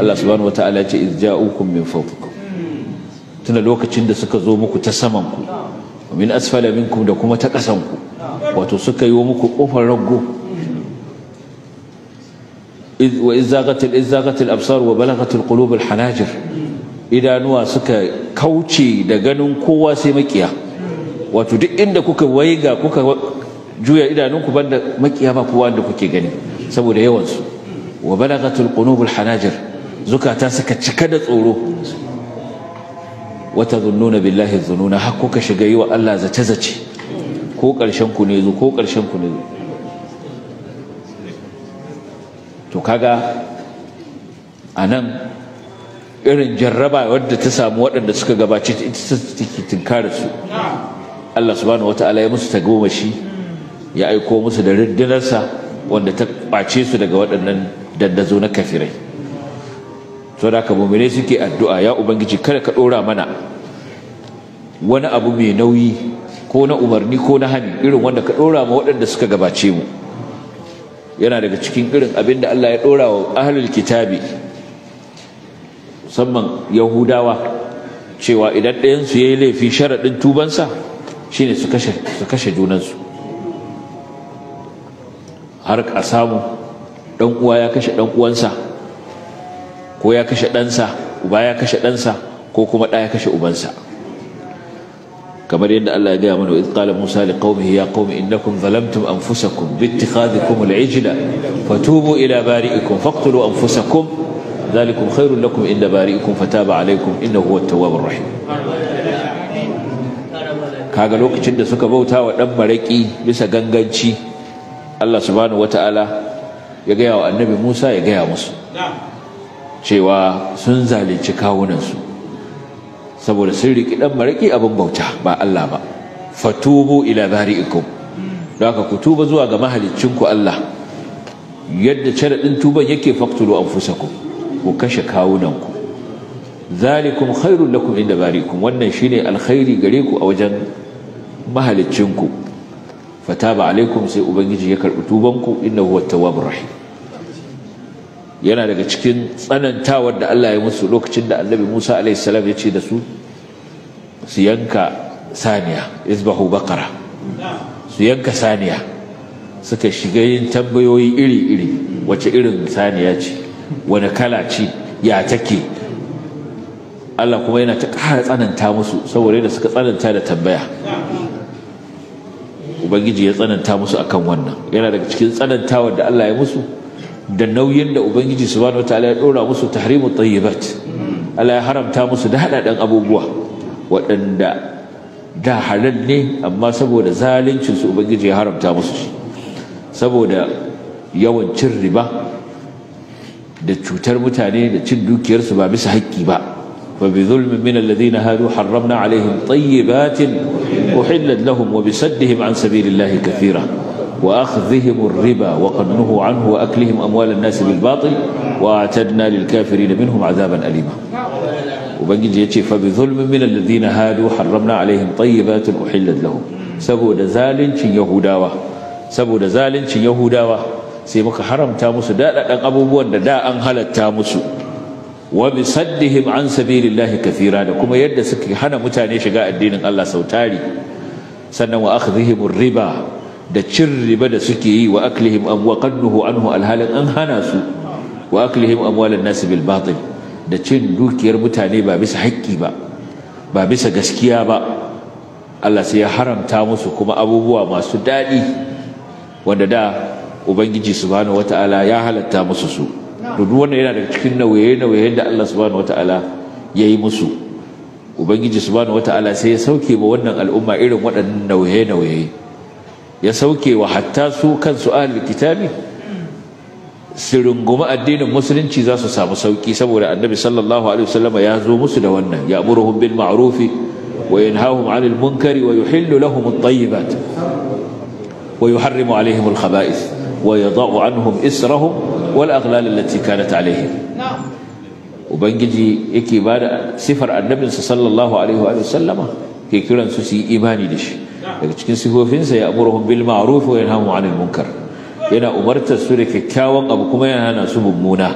Allah subhanahu wataala ya ce izja'ukum min fawqikum tunda lokacin da suka zo muku ta saman ku asfala minkum da kuma ta kasan ku wato suka yi muku kofar raggo wa izagatil izagatil wa balagatil qulubul hanajir idanuwa suka kauce da ganin kowa sai makiya wato duk inda kuka waiga kuka juya idanunku banda makiya ba kowa da kuke gani saboda yawansu wa balagatul qunubul hanajir zukata suka cika da tsoro wa tadhunnuna billahi dhununa hakku ka shiga yi wa Allah zace zace ko karshen ku ne zo ko karshen ku ne zo to kaga anan irin jarraba wadda ta samu waɗanda suka gabace ita take tinkara su Allah subhanahu wataala ya musu tagomashi ya aiko musu da riddinarsa wanda ta ɓace su daga waɗannan dandazo na kafirai to da ka mummune suke addu'a ya ubangiji kada ka ɗora mana wani abu mai nauyi ko na umarni ko na hani irin wanda ka ɗora ma waɗanda suka gabace mu yana daga cikin irin abin da Allah ya ɗora wa ahlul kitabi musamman yahudawa cewa idan ɗayansu ya yi laifi sharaɗin tubansa shine su kashe junansu har a samu dan uwa ya kashe dan uwansa ko ya kashe ɗansa uba ya kashe ɗansa ko kuma ɗa ya kashe ubansa kamar yadda Allah ya gaya mana idh qala Musa liqaumihi ya qaumi innakum zalamtum anfusakum biittikhadhikum al-ijla fatubu ila bari'ikum faqtulu anfusakum dhalikum khairul lakum inda bari'ikum fataba alaykum innahu huwa tawwabur rahim kaga lokacin da suka bauta wa dan maraki bisa ganganci Allah subhanahu wata'ala ya gaya wa annabi Musa ya gaya musu cewa sun zalunci kawunansu saboda sun riki dan maraki abin bauta ba Allah ba fatubu ila bari'ikum don haka ku tuba zuwa ga ku Allah yadda sharaɗin tuban yake faktulu anfusakum ku kashe kawunanku zalikum khairul lakum inda bari'ikum wannan shine alkhairi gare ku a wajen ku. fataba alaikum sai ubangiji ya karbi tubanku innahu huwa tawwabur rahim yana daga cikin tsanantawar da Allah ya musu lokacin da Annabi Musa alaihi salam ya ce da su su yanka saniya izbahu baqara su yanka saniya suka shiga yin tambayoyi iri-iri wace irin saniya ce wani kala ce ya take Allah kuma yana ta ƙara tsananta musu saboda da suka tsananta da tambaya ubangiji ya tsananta musu akan wannan yana daga cikin tsanantawa da Allah ya musu da nauyin da ubangiji subhanahu wataala ya dora musu tahrimu tayyibat Allah ya haramta musu da hadadan abubuwa waɗanda da halal ne amma saboda zalincin su ubangiji ya haramta musu saboda yawan cin riba da cutar mutane da cin dukiyarsu ba bisa haƙƙi ba وبذلم من الذين هادوا حرمنا عليهم طيبات أحلت لهم وبسدهم عن سبيل الله كثيرا وأخذهم الربا وقد نهوا عنه وأكلهم أموال الناس بالباطل وأعتدنا للكافرين منهم عذابا أليما وبنجي يجي فبظلم من الذين هادوا حرمنا عليهم طيبات أحلت لهم سبو شن يهوداوة سبو شن يهوداوة سيمك حرم تامس musu daɗaɗɗen abubuwan da da an wa bisaddihim an sabilillahi kafira da kuma yadda suke hana mutane shiga addinin Allah sautari sannan wa riba da cin riba da suke yi wa aklihim amwa qannuhu anhu alhalin an hana su wa aklihim amwalan nas bil batil da cin dukiyar mutane ba bisa haƙƙi ba ba bisa gaskiya ba Allah sai ya haramta musu kuma abubuwa masu daɗi wanda da ubangiji subhanahu wataala ya halatta musu su to yana daga cikin nauye-nauye da Allah subhanahu wataala ya yi musu ubangiji subhanahu wataala sai ya sauke wa wannan al'umma irin waɗannan nauye-nauye ya sauke wa hatta su kansu ahlul kitabi su rungumi addinin musulunci za su samu sauki saboda annabi sallallahu alaihi wasallama ya zo musu da wannan ya amuruhum bil ma'ruf wa yanhahum 'anil munkari wa yuhillu lahum at-tayyibat wa yuharrimu 'alayhim al-khaba'ith wa yadha'u 'anhum israhum wal aghlal allati kanat alaihim ubangiji yake ba da sifar annabinsa sallallahu alaihi wa sallama ke kiran su su imani da shi daga cikin sifofinsa ya amurhum bil ma'ruf wa munkar yana umartar su da kyakkyawan abu kuma yana hana su mummuna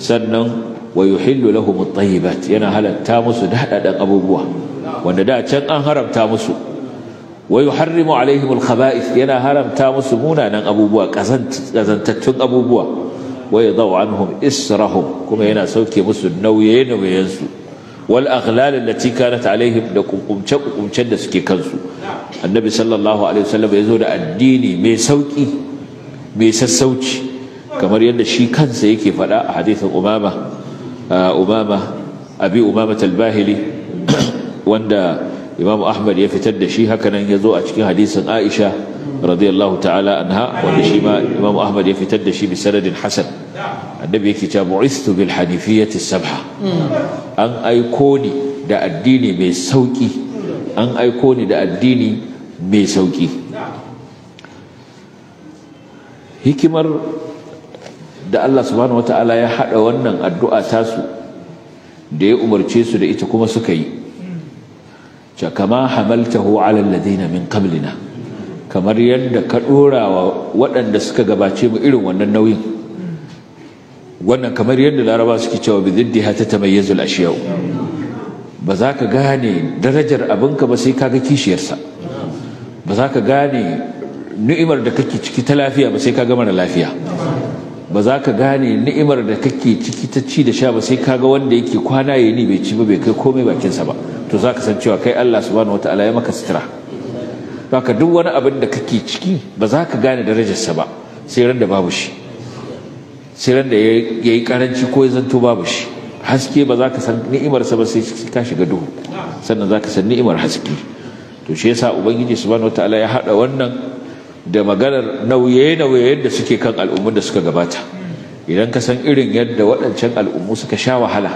sannan wa yuhillu lahum at-tayyibat yana halatta musu dadadan abubuwa wanda da can an haramta musu wa yuharrimu alaihim al yana haramta musu munanan abubuwa Ƙazantattun abubuwa wa yadau anhum israhum kuma yana sauke musu nauye nauyen su wal aghlal allati kanat alaihim da kukumce kukumcen da suke kansu annabi sallallahu alaihi wasallam ya zo da addini mai sauki mai sassauci kamar yadda shi kansa yake faɗa a hadithin umama uh, umama abi wanda Imam ahmad ya fitar da shi hakanan ya zo a cikin hadisin aisha radiyallahu ta'ala anha wanda shi ma imamu ahmad ya fitar da shi bi sanadin Hassan. annabi yake cewa bu'istu bil hanifiyati sabha an aiko ni da addini mai sauki an aiko ni da addini mai sauki hikimar da Allah subhanahu wataala ya hada wannan addu'a tasu da ya umarce su da ita kuma suka yi ce kama hamaltahu ala alladhina min qablina kamar yadda ka dora wa waɗanda suka gabace mu irin wannan nauyin wannan kamar yadda laraba suke cewa bi ta tamayyazu al ashiyau ba za ka gane darajar abinka ba sai ka ga kishiyarsa ba za ka gane ni'imar da kake ciki ta lafiya ba sai ka ga lafiya ba za ka gane ni'imar da kake ciki ta ci da sha ba sai kaga wanda yake kwana ya ni bai ci ba bai kai komai bakinsa ba to za ka san cewa kai Allah subhanahu wataala ya maka sitira haka duk wani abin da kake ciki ba za ka gane darajarsa ba sai randa babu shi siran da ya yi karanci ko ya zanto babu shi haske ba za ka san ni'imarsa ba sai ka shiga duhu sannan za ka san ni'imar haske to shi yasa ubangiji subhanahu wataala ya haɗa wannan da maganar nauye-nauye yadda suke kan al'ummun da suka gabata idan ka san irin yadda waɗancan al'ummu suka sha wahala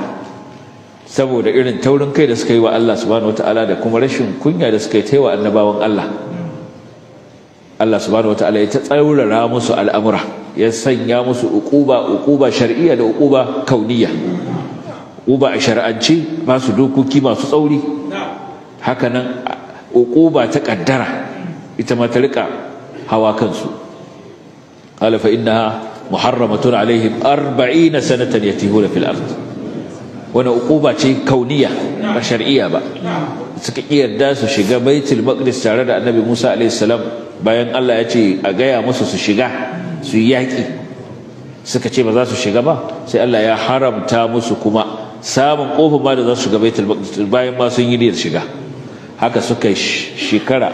saboda irin taurin kai da suka yi wa Allah subhanahu wataala da kuma rashin kunya da suka yi ta yi wa annabawan Allah Allah subhanahu wataala ya tsaurara musu al'amura ya sanya musu uquba uquba shar'iyya da uquba kauniyya uquba a shar'anci ba su dokoki masu tsauri haka nan uquba ta kaddara ita ma ta rika hawa kansu qala fa innaha muharramatun alaihim 40 sanatan yatihuna fil ard wana uquba ce kauniyya ba shar'iyya ba suka iya yarda su shiga baitul maqdis tare da annabi Musa alaihi salam bayan Allah ya ce a gaya musu su shiga su yi yaƙi suka ce ba za su shiga ba sai Allah ya haramta musu kuma samun kofin ma da za su shiga baitul maqdis bayan ma sun yi niyyar shiga haka suka shekara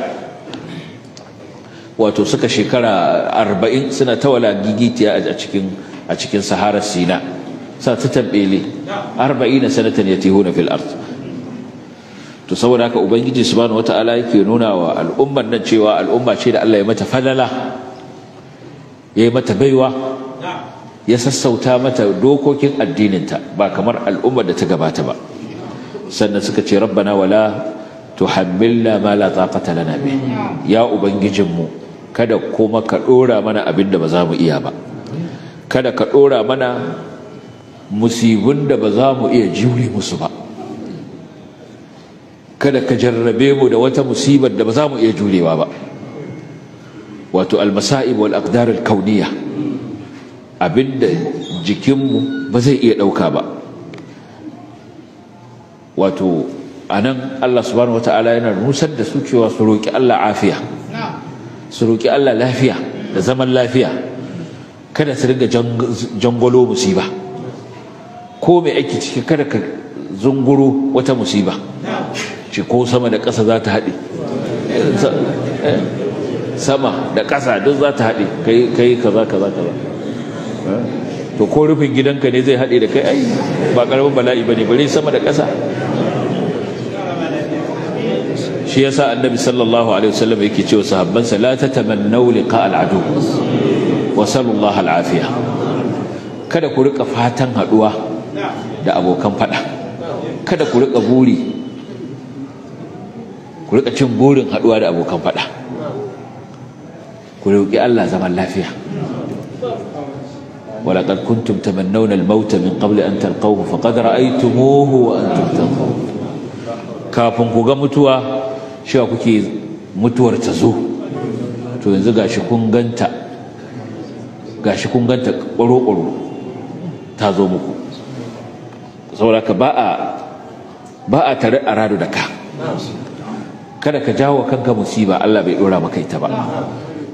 wato suka shekara arba'in suna tawala gigitiya a cikin a cikin sina sa ta tambele arba'ina sanatan yatihuna fil ard to saboda haka ubangiji subhanahu wataala yake nuna wa al'umman nan cewa al'umma ce da Allah ya mata falala ya yi mata baiwa ya sassauta mata dokokin addininta ba kamar al'ummar da ta gabata ba sannan suka ce rabbana wala tuhammilna ma la taqata lana bi ya mu, kada kuma ka dora mana abin da ba za mu iya ba kada ka dora mana musibin da ba za mu iya jure musu ba kada ka jarrabe mu da wata musibar da ba za mu iya jurewa ba wato almasa'ib wal aqdar al kauniya abinda jikinmu ba zai iya dauka ba wato anan Allah subhanahu wataala yana nusar da su cewa su roki Allah afiya su roki Allah lafiya da zaman lafiya kada su riga jangolo musiba ko mai aiki ciki kada ka zunguro wata musiba ce ko sama da ƙasa za ta haɗe eh? sama da ƙasa duk za ta haɗe kai kaza kaza kaza eh? to ko rufin gidanka ne zai haɗe da kai ai ba ƙaramin bala'i ba ne bare sama da ƙasa shi yasa annabi sallallahu alaihi wasallam yake cewa sahabbansa la tatamannaw liqa al'adu wa sallallahu al'afiya kada ku rika fatan haɗuwa da abokan fada kada ku rika buri ku riƙa cin burin haɗuwa da abokan faɗa ku roƙi Allah zaman lafiya ولقد كنتم تمنون الموت من قبل أن تلقوه فقد رأيتموه an تلقون kafin ku ga mutuwa shi kuke mutuwar ta zo to yanzu gashi kun ganta gashi kun ganta ƙwaro-ƙwaro ta zo muku saboda ka ba a tare a rado da ka kada ka jawo kanka musiba Allah bai dora maka ita ba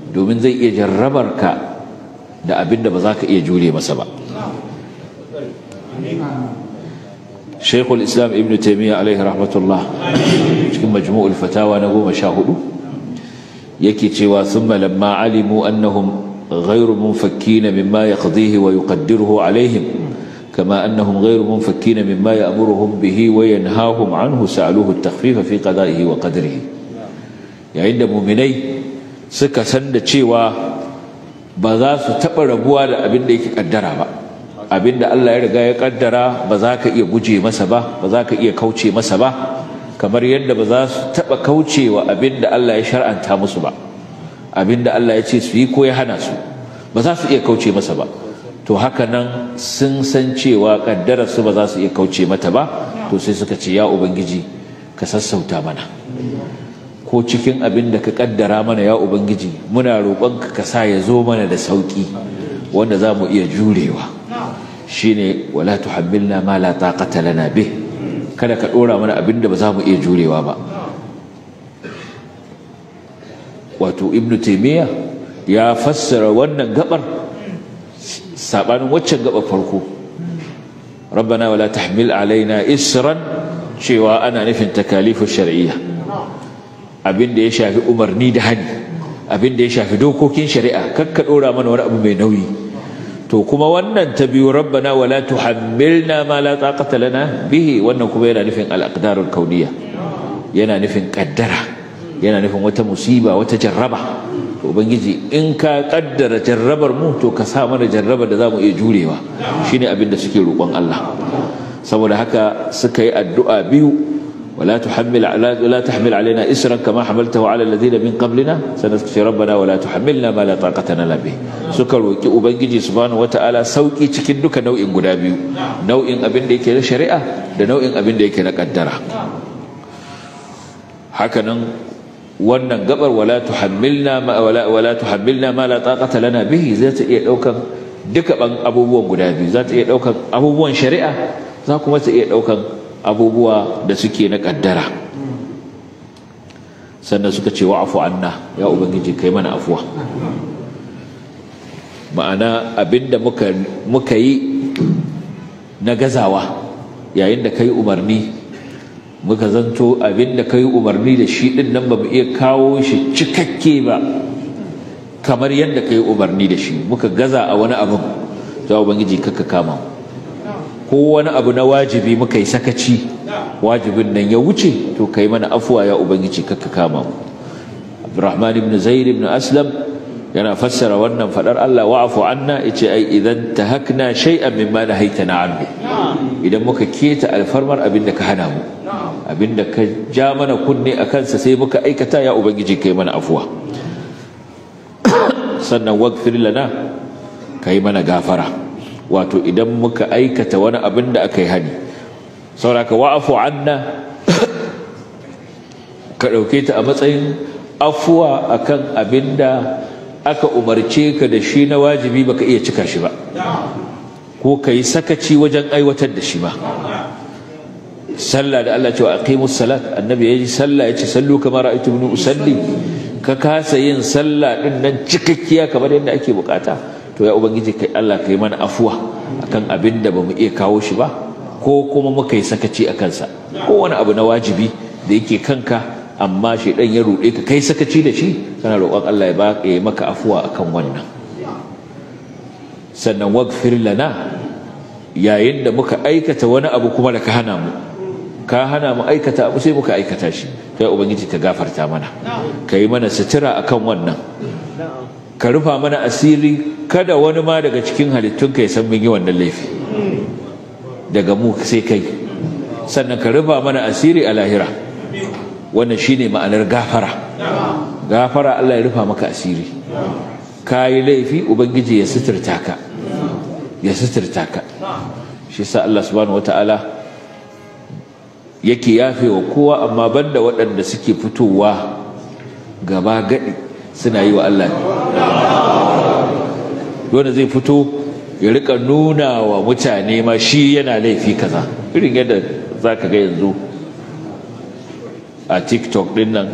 domin zai iya jarrabar ka da abin da ba za ka iya jure masa ba Sheikhul Islam Ibn Taymiyyah alaihi rahmatullah cikin majmu'ul fatawa na goma sha hudu yake cewa summa lamma alimu annahum ghairu munfakkina mimma yaqdihi wa yuqaddiruhu alaihim كما أنهم غير منفكين مما يأمرهم به وينهاهم عنه سألوه التخفيف في قضائه وقدره يعني عند مؤمني سكا سند تشيوا بذاس تبربوا لأبن ديك قدرها بقى abinda Allah ya riga ya kaddara ba za ka iya guje masa ba ba za ka iya kauce masa ba kamar yadda ba za su taɓa kaucewa abinda Allah ya shar'anta musu ba abinda Allah ya ce su yi ko ya hana su ba za su iya kauce masa ba to haka nan sun san cewa kaddara su ba za su iya kauce mata ba to sai suka ce ya ubangiji ka sassauta mana ko cikin abin da ka kaddara mana ya ubangiji muna roƙonka ka sa ya zo mana da sauƙi. wanda za mu iya jurewa shine wala tuhammilna ma la taqata lana bih kada ka ɗora mana abin da ba za mu iya jurewa ba wato ibnu taymiya ya fassara wannan gabar Saɓanin waccan gaba farko rabbana wala tahmil alaina isran cewa ana nufin takalifu shar'iyya Abinda ya shafi umarni da hani Abinda ya shafi dokokin shari'a kakka dora mana wani abu mai nauyi to kuma wannan ta biyu rabbana wala tuhammilna ma la taqata lana bihi wannan kuma yana nufin al-aqdarul kauniyya yana nufin ƙaddara. yana nufin wata musiba wata jarraba to ubangiji in ka kaddara jarrabar mu to ka sa mana jarrabar da zamu iya jurewa shine abin da suke roƙon Allah saboda haka suka yi addu'a biyu wala tuhammil alaina isran kama hamaltahu ala alladhina min qablina sanasfi rabbana wala tuhammilna ma la taqata lana bih suka roki ubangiji wata wataala sauki cikin duka nau'in guda biyu nau'in abin da yake na shari'a da nau'in abin da yake na kaddara hakanan wannan gabar wala tuhammilna ma wala wala tuhammilna ma la taqata lana bihi za ta iya daukan duka ban abubuwan guda biyu za ta iya daukan abubuwan shari'a za kuma ta iya daukan abubuwa da suke na kaddara sannan suka ce wa'fu anna ya ubangiji kai mana afuwa ma'ana abinda muka muka yi na gazawa yayin da kai umarni muka zanto abinda kai umarni da shi din nan bamu iya kawo shi cikakke ba kamar yadda kai umarni da shi muka gaza a wani abu to ubangiji kaka kama ko wani abu na wajibi muka yi sakaci wajibin nan ya wuce to kai mana afuwa ya ubangiji kaka kama mu Abdurrahman ibn Zaid ibn Aslam yana fassara wannan fadar Allah wa'fu anna yace ai idan tahakna shay'an mimma na anhu idan muka keta alfarmar abin da ka hana mu abin da ka ja mana kunne a kansa sai muka aikata ya ubangiji kai mana afuwa sannan waghfir lana kai mana gafara wato idan muka aikata wani abin da aka yi hani sauraka wa'afu anna ka ɗauke ta a matsayin afuwa akan abin da aka umarce ka da shi na wajibi baka iya cika shi ba ko ka yi sakaci wajen aiwatar da shi ba sallah da Allah wa aqimus salat annabi ya yi sallah ya ce sallu kama ra'aytu ibn usalli ka kasa yin sallah din nan cikakkiya kamar yadda ake bukata to ya ubangiji kai Allah kai mana afuwa akan abin da bamu iya kawo shi ba ko kuma muka yi sakaci a kansa ko wani abu na wajibi da yake kanka amma shi dan ya ruɗe ka kai sakaci da shi kana roƙon Allah ya maka afuwa akan wannan sannan waghfir lana yayin da muka aikata wani abu kuma da ka hana mu ka hana mu aikata abu sai muka aikata shi kai ubangiji ka gafarta mana ka mana sutura akan wannan ka rufa mana asiri kada wani ma daga cikin halittun ya san mun yi wannan laifi daga mu sai kai sannan ka rufa mana asiri a lahira wannan shine ma'anar gafara gafara Allah ya rufa maka asiri ka yi laifi ubangiji ya suturta ka ya suturta ka shi sa Allah subhanahu wata'ala yake yafe wa kowa amma banda waɗanda suke fitowa gaba gadi suna yi wa Allah wanda zai fito ya rika nuna wa mutane ma shi yana laifi kaza irin yadda za ka ga yanzu a tiktok din nan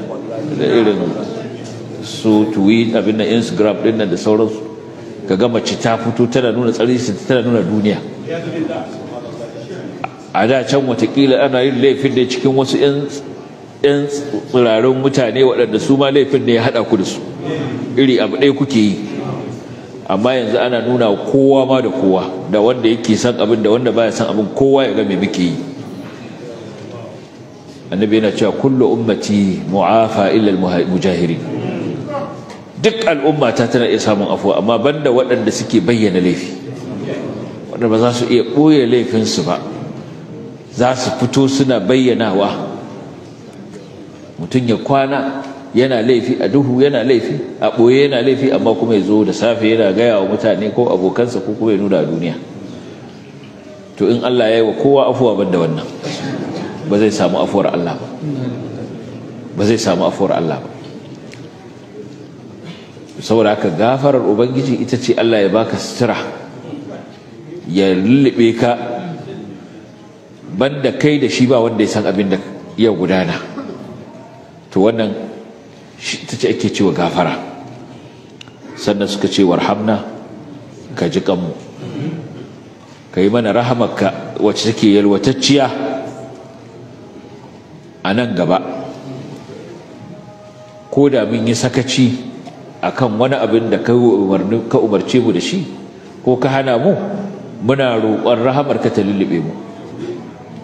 da irin su tweet abin da instagram din da sauransu ka ga mace ta fito tana nuna tsarinsu tana nuna duniya a da can watakila ana yin laifin da cikin wasu 'yan tsirarin mutane waɗanda su ma laifin da ya haɗa ku da su iri abu ɗaya kuke yi amma yanzu ana nuna kowa ma da kowa da wanda yake san abin da wanda baya san abin kowa ya ga me muke yi annabi yana cewa kullu ummati mu'afa illa mujahiri duk al'umma ta tana iya samun afuwa amma banda waɗanda suke bayyana laifi waɗanda ba za su iya ɓoye laifinsu ba za su fito suna bayyanawa mutum ya kwana yana laifi a duhu yana laifi a ɓoye yana laifi amma kuma ya zo da safe yana gaya wa mutane ko abokansa ko kuma ya nuna duniya to in Allah ya yi wa kowa afuwa banda wannan samu afuwar Allah ba ba zai samu afuwar Allah ba saboda haka gafarar ubangiji ita ce Allah ya baka sutura ya lullube ka banda kai da shi ba wanda ya san abin da ya gudana to wannan ita ce ake cewa gafara sannan suka ce warhamna ka ji kanmu ka yi mana rahamarka wacce take yalwatacciya a nan gaba ko da mun yi sakaci akan wani abin da ka umarni ka umarce mu da shi ko ka hana mu muna roƙon rahamar ka ta lullube mu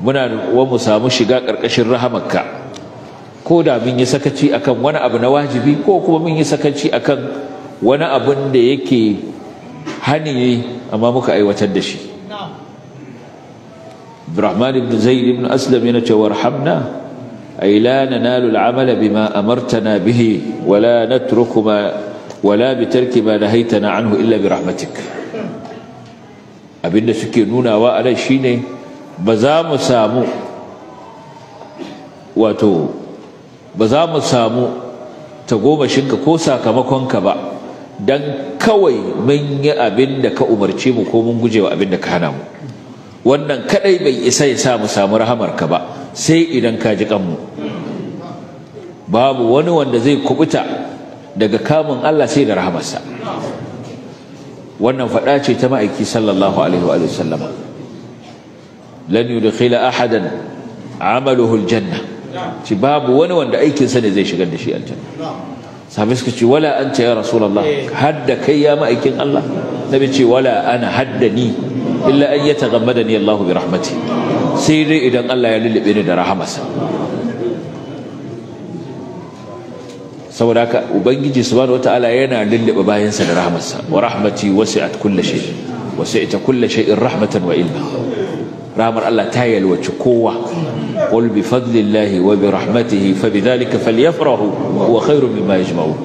muna roƙon mu samu shiga ƙarƙashin rahamar ka ko da mun yi sakaci akan wani abu na wajibi ko kuma mun yi sakaci akan wani abin da yake hani amma muka aiwatar da shi Abdurrahman ibn Zaid ibn Aslam yana cewa rahamna أي لا ننال العمل بما أمرتنا به ولا نترك ما ولا بترك ما نهيتنا عنه إلا برحمتك abinda suke nunawa a nan shine ba mu samu wato ba mu samu tagomashinka ko sakamakonka ba don kawai mun yi abin da ka umarce mu ko mun gujewa abin da ka hana mu wannan kadai bai isa ya sa mu samu rahamarka ba sai idan ka ji kanmu babu wani wanda zai kubuta daga kamun Allah sai da rahamarsa wannan faɗa ce ta ma'aiki sallallahu alaihi wa sallama lan yudkhila ahadan amaluhu aljanna ci babu wani wanda aikinsa ne zai shigar da shi aljanna sahabai suka ce wala an ya rasulallah hadda kai ya ma'aikin Allah nabi ce wala ana haddani illa an yataghammada ni Allah bi rahmati sai dai idan Allah ya lullube ni da rahamarsa saboda haka ubangiji subhanahu wataala yana lullube bayansa da rahmarsa wa rahmati wasi'at kulli shay wasi'ta kulli shay'in rahmatan wa ilma rahmar Allah ta yalwaci kowa qul bi fadlillahi wa bi rahmatihi fabidhalika falyafrahu huwa khairu mimma yajma'un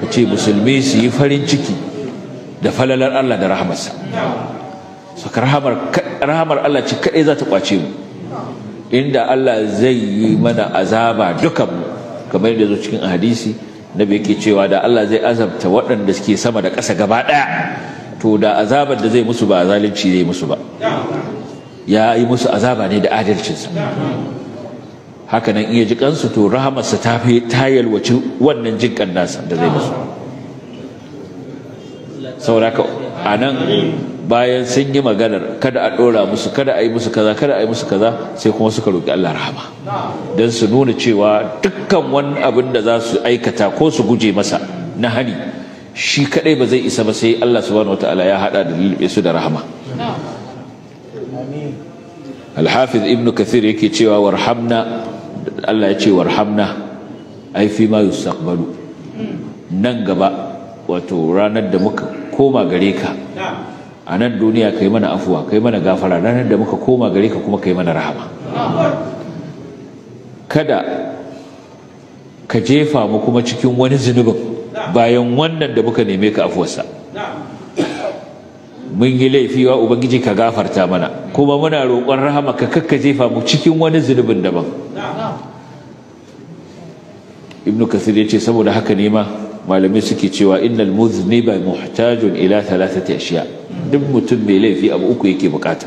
kace musulmi su yi farin ciki da falalar Allah da rahmarsa saka rahamar Allah ci kaɗai za ta kwace mu inda Allah zai yi mana azaba dukanmu mu kamar yadda zo cikin hadisi nabi yake cewa da Allah zai azabta waɗanda suke sama da ƙasa gaba ɗaya to da azabar da zai musu ba zalunci zai musu ba ya yi musu azaba ne da adalcinsa haka nan iya jikansu to rahamarsa ta fi tayalwaci wannan jikan nasa da zai musu sauraka a nan bayan sun yi maganar kada a ɗora musu kada a yi musu kaza kada a yi musu kaza sai kuma suka roƙi Allah rahama don su nuna cewa dukkan wani abin da za su aikata ko su guje masa na hani shi kadai ba zai isa ba sai Allah subhanahu wataala ya hada da lilbe su da rahama Al-Hafiz Ibn Kathir yake cewa warhamna Allah ya ce warhamna ai fi ma yustaqbalu nan gaba wato ranar da muka koma gare ka a nan duniya ka yi mana afuwa ka yi mana gafara ranar da muka koma gare ka kuma ka yi mana rahama kada ka jefa mu kuma cikin wani zunubin bayan wannan da muka neme ka afuwarsa mun yi laifi wa ubangiji ka gafarta mana kuma muna roƙon rahama ka kakka jefa mu cikin wani zunubin daban ibnu kasir ya ce saboda haka ne ma malamai suke cewa innal muzniba muhtajun ila thalathati ashiya duk mutum mai laifi abu uku yake bukata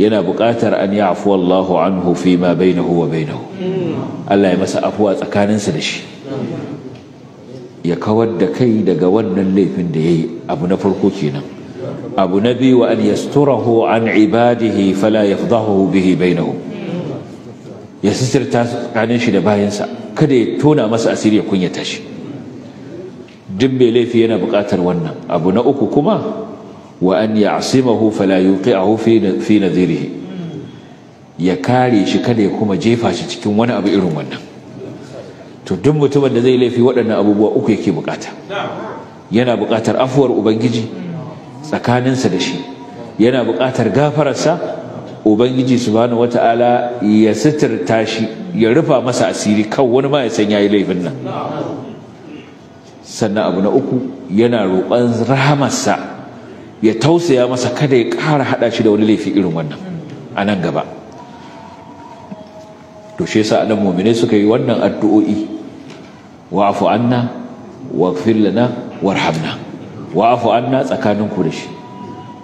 yana bukatar an ya'fu Allahu anhu fi ma bainahu wa bainahu Allah ya masa afuwa tsakaninsa da shi ya kawar da kai daga wannan laifin da yayi abu na farko kenan abu na biyu wa an yasturahu an ibadihi fala yafdahu bihi bainahu ya sitirta tsakanin shi da bayansa kada ya tona masa asiri ya kunyata shi duk mai laifi yana bukatar wannan abu na uku kuma wa an ya'simahu fala yuqi'ahu fi zirihi ya kare shi kada ya kuma jefa shi cikin wani abu irin wannan to duk mutumin da zai laifi waɗannan abubuwa uku yake bukata yana bukatar afuwar ubangiji tsakaninsa da shi yana bukatar gafararsa ubangiji subhanahu wata'ala ya sitirta shi ya rufa masa asiri kawai wani ma ya san yayi laifin nan sannan abu na uku yana roƙon rahamarsa ya tausaya masa kada ya ƙara haɗa shi da wani laifi irin wannan a nan gaba to shi yasa anan mu'minai suka yi wannan addu'o'i wa'fu anna waghfir lana warhamna wa'fu anna tsakanin ku da shi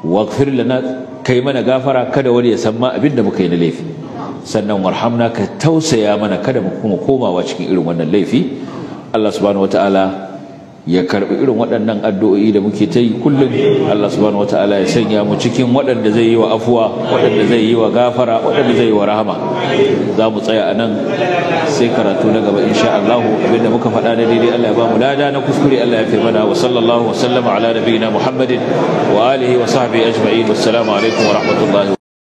waghfir lana kai mana gafara kada wani ya san ma abin da muka yi na laifi sannan warhamna ka tausaya mana kada mu koma komawa cikin irin wannan laifi Allah subhanahu wataala ya karbi irin waɗannan addu'o'i da muke ta yi kullum Allah subhanahu wataala ya sanya mu cikin waɗanda zai yi wa afuwa waɗanda zai yi wa gafara waɗanda zai yi wa rahama za mu tsaya a nan sai karatu na gaba insha Allah abinda muka faɗa na daidai Allah ya ba mu lada na kuskure Allah ya fi mana wa sallallahu wa sallama ala nabiyina Muhammadin wa alihi wa sahbihi ajma'in wassalamu alaikum wa rahmatullahi